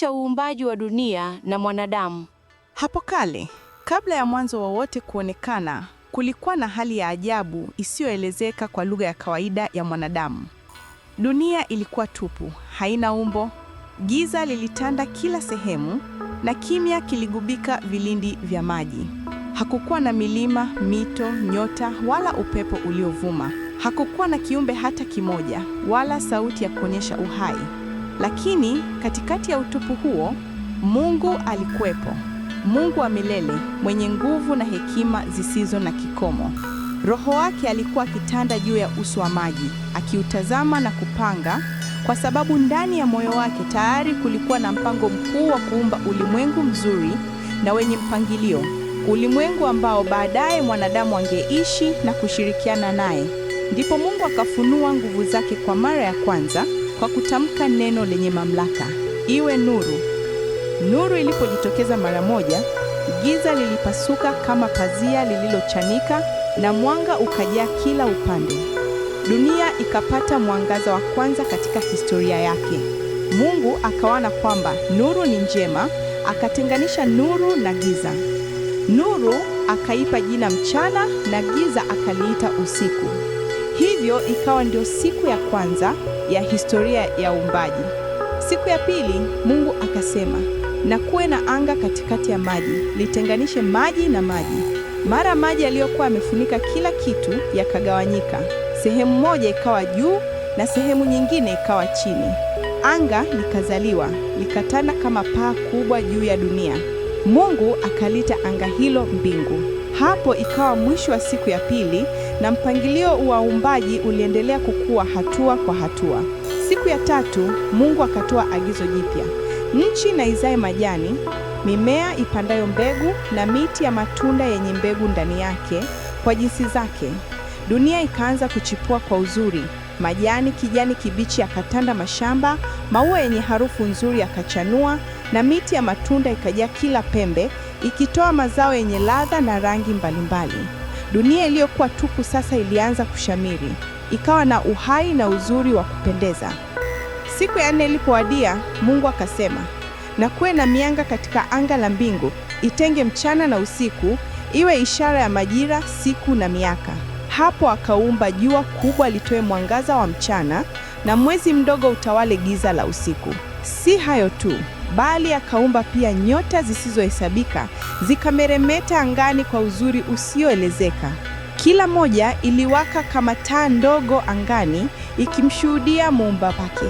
cha uumbaji wa dunia na mwanadamu. Hapo kale, kabla ya mwanzo wowote kuonekana, kulikuwa na hali ya ajabu isiyoelezeka kwa lugha ya kawaida ya mwanadamu. Dunia ilikuwa tupu, haina umbo. Giza lilitanda kila sehemu na kimya kiligubika vilindi vya maji. Hakukuwa na milima, mito, nyota wala upepo uliovuma. Hakukuwa na kiumbe hata kimoja wala sauti ya kuonyesha uhai. Lakini katikati ya utupu huo, Mungu alikuwepo, Mungu wa milele, mwenye nguvu na hekima zisizo na kikomo. Roho wake alikuwa akitanda juu ya uso wa maji, akiutazama na kupanga, kwa sababu ndani ya moyo wake tayari kulikuwa na mpango mkuu wa kuumba ulimwengu mzuri na wenye mpangilio, ulimwengu ambao baadaye mwanadamu angeishi na kushirikiana naye. Ndipo Mungu akafunua nguvu zake kwa mara ya kwanza kwa kutamka neno lenye mamlaka, iwe nuru. Nuru ilipojitokeza mara moja, giza lilipasuka kama pazia lililochanika, na mwanga ukajaa kila upande. Dunia ikapata mwangaza wa kwanza katika historia yake. Mungu akaona kwamba nuru ni njema, akatenganisha nuru na giza. Nuru akaipa jina mchana na giza akaliita usiku. Hivyo ikawa ndio siku ya kwanza ya historia ya uumbaji. Siku ya pili Mungu akasema, na kuwe na anga katikati ya maji litenganishe maji na maji. Mara maji yaliyokuwa yamefunika kila kitu yakagawanyika, sehemu moja ikawa juu na sehemu nyingine ikawa chini. Anga likazaliwa likatana kama paa kubwa juu ya dunia. Mungu akalita anga hilo mbingu. Hapo ikawa mwisho wa siku ya pili na mpangilio wa uumbaji uliendelea kukua hatua kwa hatua. Siku ya tatu Mungu akatoa agizo jipya, nchi na izae majani, mimea ipandayo mbegu, na miti ya matunda yenye mbegu ndani yake kwa jinsi zake. Dunia ikaanza kuchipua kwa uzuri, majani kijani kibichi yakatanda mashamba, maua yenye harufu nzuri yakachanua, na miti ya matunda ikajaa kila pembe, ikitoa mazao yenye ladha na rangi mbalimbali. Dunia iliyokuwa tupu sasa ilianza kushamiri, ikawa na uhai na uzuri wa kupendeza. Siku ya nne ilipowadia, Mungu akasema, na kuwe na mianga katika anga la mbingu, itenge mchana na usiku, iwe ishara ya majira, siku na miaka. Hapo akaumba jua kubwa litoe mwangaza wa mchana na mwezi mdogo utawale giza la usiku. Si hayo tu bali akaumba pia nyota zisizohesabika zikameremeta angani kwa uzuri usioelezeka. Kila moja iliwaka kama taa ndogo angani ikimshuhudia muumba wake.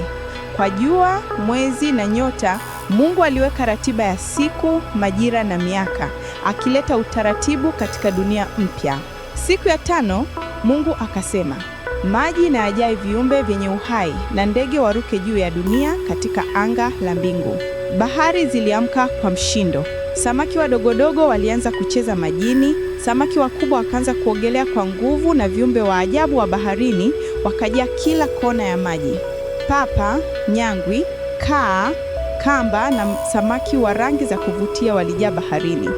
Kwa jua, mwezi na nyota, Mungu aliweka ratiba ya siku, majira na miaka, akileta utaratibu katika dunia mpya. Siku ya tano, Mungu akasema, maji na yajae viumbe vyenye uhai na ndege waruke juu ya dunia katika anga la mbingu. Bahari ziliamka kwa mshindo. Samaki wadogodogo walianza kucheza majini, samaki wakubwa wakaanza kuogelea kwa nguvu, na viumbe wa ajabu wa baharini wakajaa kila kona ya maji. Papa, nyangwi, kaa, kamba na samaki wa rangi za kuvutia walijaa baharini.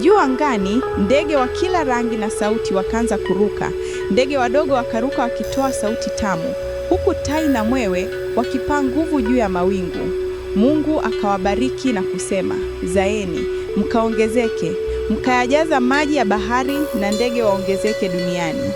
Juu angani, ndege wa kila rangi na sauti wakaanza kuruka. Ndege wadogo wakaruka wakitoa sauti tamu, huku tai na mwewe wakipaa nguvu juu ya mawingu. Mungu akawabariki na kusema, zaeni mkaongezeke, mkayajaza maji ya bahari na ndege waongezeke duniani.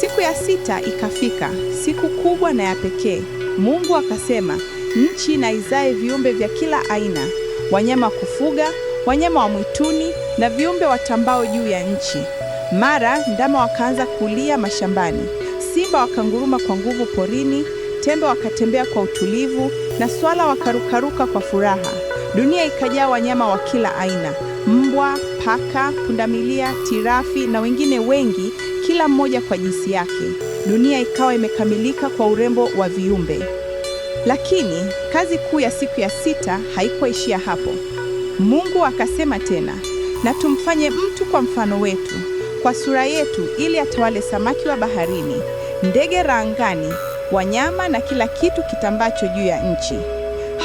Siku ya sita ikafika, siku kubwa na ya pekee. Mungu akasema, nchi na izae viumbe vya kila aina, wanyama kufuga, wanyama wa mwituni na viumbe watambao juu ya nchi. Mara ndama wakaanza kulia mashambani, simba wakanguruma kwa nguvu porini tembo wakatembea kwa utulivu na swala wakarukaruka kwa furaha. Dunia ikajaa wanyama wa kila aina: mbwa, paka, pundamilia, tirafi na wengine wengi, kila mmoja kwa jinsi yake. Dunia ikawa imekamilika kwa urembo wa viumbe. Lakini kazi kuu ya siku ya sita haikuishia hapo. Mungu akasema tena, na tumfanye mtu kwa mfano wetu, kwa sura yetu, ili atawale samaki wa baharini, ndege raangani wanyama na kila kitu kitambacho juu ya nchi.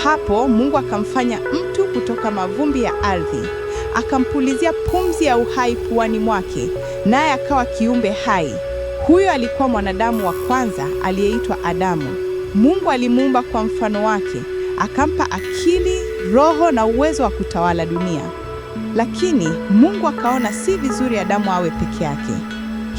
Hapo Mungu akamfanya mtu kutoka mavumbi ya ardhi, akampulizia pumzi ya uhai puani mwake, naye akawa kiumbe hai. Huyo alikuwa mwanadamu wa kwanza aliyeitwa Adamu. Mungu alimuumba kwa mfano wake, akampa akili, roho na uwezo wa kutawala dunia. Lakini Mungu akaona si vizuri Adamu awe peke yake,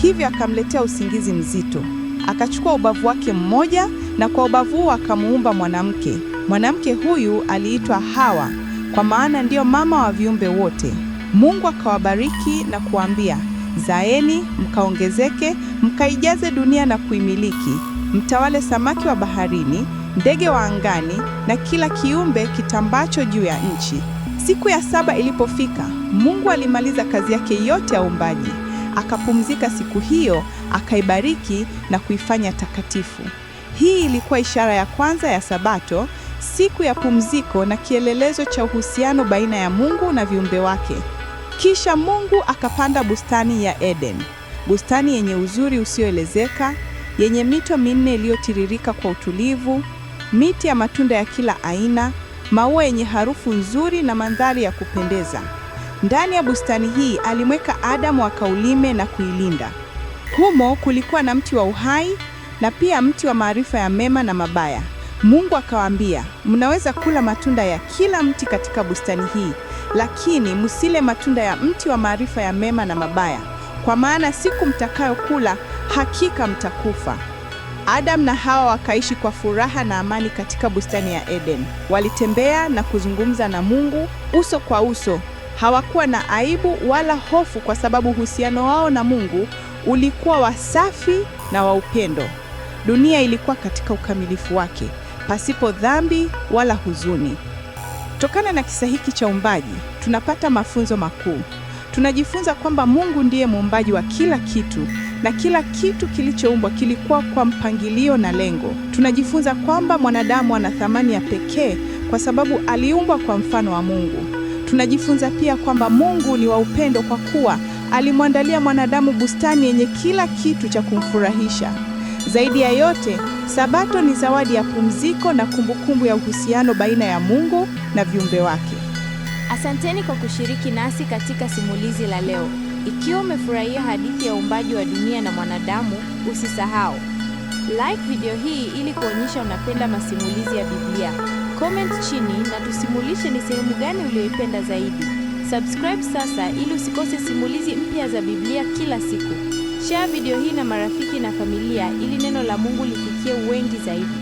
hivyo akamletea usingizi mzito akachukua ubavu wake mmoja na kwa ubavu huo akamuumba mwanamke. Mwanamke huyu aliitwa Hawa, kwa maana ndiyo mama wa viumbe wote. Mungu akawabariki na kuambia, zaeni mkaongezeke, mkaijaze dunia na kuimiliki, mtawale samaki wa baharini, ndege wa angani na kila kiumbe kitambacho juu ya nchi. Siku ya saba ilipofika, Mungu alimaliza kazi yake yote ya uumbaji, akapumzika siku hiyo akaibariki na kuifanya takatifu. Hii ilikuwa ishara ya kwanza ya Sabato, siku ya pumziko na kielelezo cha uhusiano baina ya Mungu na viumbe wake. Kisha Mungu akapanda bustani ya Eden, bustani yenye uzuri usioelezeka, yenye mito minne iliyotiririka kwa utulivu, miti ya matunda ya kila aina, maua yenye harufu nzuri na mandhari ya kupendeza. Ndani ya bustani hii alimweka Adamu akaulime na kuilinda. Humo kulikuwa na mti wa uhai na pia mti wa maarifa ya mema na mabaya. Mungu akawaambia, mnaweza kula matunda ya kila mti katika bustani hii, lakini msile matunda ya mti wa maarifa ya mema na mabaya, kwa maana siku mtakayokula hakika mtakufa. Adam na Hawa wakaishi kwa furaha na amani katika bustani ya Eden. Walitembea na kuzungumza na Mungu uso kwa uso. Hawakuwa na aibu wala hofu, kwa sababu uhusiano wao na Mungu ulikuwa wasafi na wa upendo. Dunia ilikuwa katika ukamilifu wake, pasipo dhambi wala huzuni. Tokana na kisa hiki cha umbaji tunapata mafunzo makuu. Tunajifunza kwamba Mungu ndiye muumbaji wa kila kitu na kila kitu kilichoumbwa kilikuwa kwa mpangilio na lengo. Tunajifunza kwamba mwanadamu ana thamani ya pekee kwa sababu aliumbwa kwa mfano wa Mungu. Tunajifunza pia kwamba Mungu ni wa upendo kwa kuwa alimwandalia mwanadamu bustani yenye kila kitu cha kumfurahisha. Zaidi ya yote, Sabato ni zawadi ya pumziko na kumbukumbu ya uhusiano baina ya Mungu na viumbe wake. Asanteni kwa kushiriki nasi katika simulizi la leo. Ikiwa umefurahia hadithi ya uumbaji wa dunia na mwanadamu, usisahau like video hii ili kuonyesha unapenda masimulizi ya Biblia. Comment chini na tusimulishe ni sehemu gani uliyoipenda zaidi. Subscribe sasa ili usikose simulizi mpya za Biblia kila siku. Share video hii na marafiki na familia ili neno la Mungu lifikie wengi zaidi.